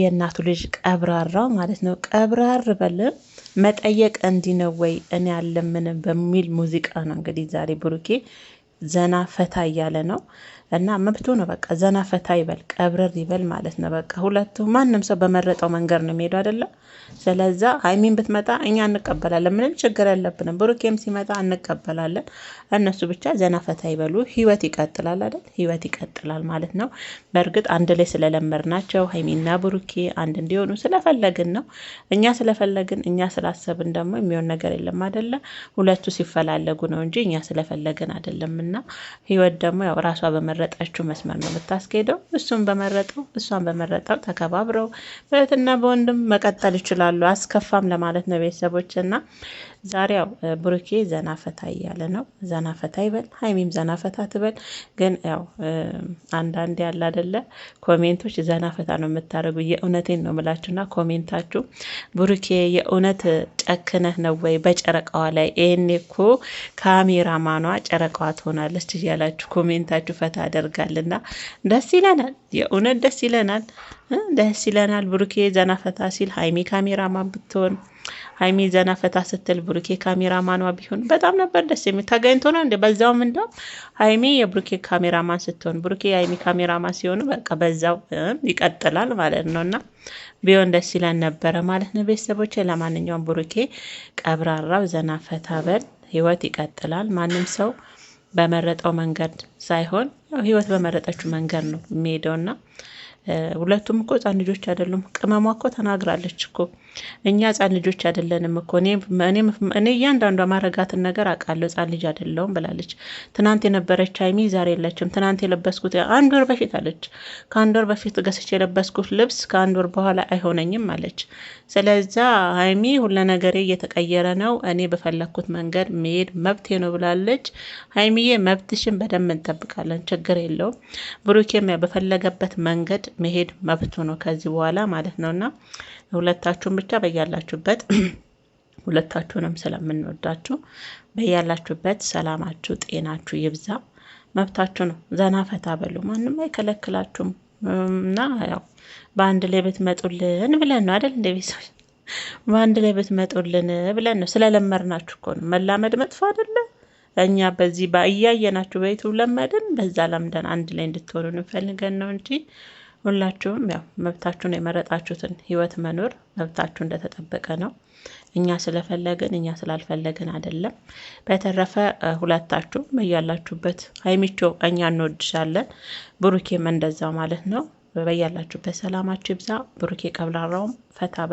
የእናቱ ልጅ ቀብራራ ማለት ነው። ቀብራር በለን መጠየቅ እንዲህ ነው ወይ እኔ አለምንም በሚል ሙዚቃ ነው እንግዲህ ዛሬ ብሩኬ ዘና ፈታ እያለ ነው እና መብቱ ነው። በቃ ዘና ፈታ ይበል፣ ቀብረር ይበል ማለት ነው። በቃ ሁለቱ ማንም ሰው በመረጠው መንገድ ነው የሚሄዱ አይደለም። ስለዛ ሀይሚን ብትመጣ እኛ እንቀበላለን፣ ምንም ችግር ያለብንም። ብሩኬም ሲመጣ እንቀበላለን። እነሱ ብቻ ዘና ፈታ ይበሉ። ህይወት ይቀጥላል አይደል? ህይወት ይቀጥላል ማለት ነው። በእርግጥ አንድ ላይ ስለለመር ናቸው ሀይሚና ብሩኬ አንድ እንዲሆኑ ስለፈለግን ነው። እኛ ስለፈለግን እኛ ስላሰብን ደግሞ የሚሆን ነገር የለም አይደለ? ሁለቱ ሲፈላለጉ ነው እንጂ እኛ ስለፈለግን አይደለም። እና ህይወት ደግሞ ያው ራሷ በመረጠችው መስመር ነው የምታስኬደው። እሱም በመረጠው እሷን በመረጠው ተከባብረው በእህትና በወንድም መቀጠል ይችላሉ። አስከፋም ለማለት ነው ቤተሰቦች እና ዛሬ ያው ብሩኬ ዘናፈታ እያለ ነው። ዘናፈታ ይበል፣ ሀይሚም ዘናፈታ ትበል። ግን ያው አንዳንድ ያለ አደለ ኮሜንቶች ዘናፈታ ነው የምታደርጉ። የእውነቴን ነው ምላችሁና ኮሜንታችሁ ብሩኬ የእውነት ጨክነህ ነው ወይ በጨረቃዋ ላይ ይህኔ እኮ ማኗ ጨረቃዋ ትሆናለች እያላችሁ ኮሜንታችሁ ፈታ ያደርጋልና ደስ ይለናል። የእውነት ደስ ይለናል፣ ደስ ይለናል። ብሩኬ ዘናፈታ ሲል ሀይሚ ካሜራ ማን ብትሆን ሀይሚ ዘና ፈታ ስትል ብሩኬ ካሜራ ማኗ ቢሆን በጣም ነበር ደስ የሚል። ተገኝቶ ነው እንደ በዛውም እንደውም ሀይሚ የብሩኬ ካሜራማን ስትሆን ብሩኬ የሀይሚ ካሜራማን ሲሆኑ በቃ በዛው ይቀጥላል ማለት ነው። እና ቢሆን ደስ ይለን ነበረ ማለት ነው። ቤተሰቦች ለማንኛውም ብሩኬ ቀብራራው ዘና ፈታ በል፣ ህይወት ይቀጥላል። ማንም ሰው በመረጠው መንገድ ሳይሆን ህይወት በመረጠችው መንገድ ነው የሚሄደውና ሁለቱም እኮ ህጻን ልጆች አይደሉም። ቅመሟ እኮ ተናግራለች እኮ እኛ ህጻን ልጆች አይደለንም እኮ እኔ እያንዳንዷ ማረጋትን ነገር አውቃለሁ፣ ህጻን ልጅ አይደለሁም ብላለች። ትናንት የነበረች ሀይሚ ዛሬ የለችም። ትናንት የለበስኩት አንድ ወር በፊት አለች፣ ከአንድ ወር በፊት ገስች የለበስኩት ልብስ ከአንድ ወር በኋላ አይሆነኝም አለች። ስለዛ ሀይሚ ሁለ ነገሬ እየተቀየረ ነው፣ እኔ በፈለግኩት መንገድ መሄድ መብቴ ነው ብላለች። ሀይሚዬ መብትሽን በደንብ እንጠብቃለን፣ ችግር የለውም። ብሩኬም በፈለገበት መንገድ መሄድ መብቱ ነው ከዚህ በኋላ ማለት ነውና ሁለታችሁም ብቻ በያላችሁበት ሁለታችሁንም ስለምንወዳችሁ በያላችሁበት ሰላማችሁ፣ ጤናችሁ ይብዛ። መብታችሁ ነው። ዘና ፈታ በሉ፣ ማንም አይከለክላችሁም። እና ያው በአንድ ላይ ብትመጡልን ብለን ነው አደል እንደ ቤተሰብ በአንድ ላይ ብትመጡልን ብለን ነው። ስለለመድናችሁ እኮ ነው። መላመድ መጥፎ አይደለ። እኛ በዚህ እያየናችሁ በይቱ ለመድን፣ በዛ ለምደን አንድ ላይ እንድትሆኑ እንፈልገን ነው እንጂ ሁላችሁም ያው መብታችሁን የመረጣችሁትን ህይወት መኖር መብታችሁ እንደተጠበቀ ነው። እኛ ስለፈለግን እኛ ስላልፈለግን አይደለም። በተረፈ ሁለታችሁም በያላችሁበት ሀይሚቾ እኛ እንወድሻለን፣ ብሩኬም እንደዛው ማለት ነው። በያላችሁበት ሰላማችሁ ይብዛ። ብሩኬ ቀብራራውም ፈታ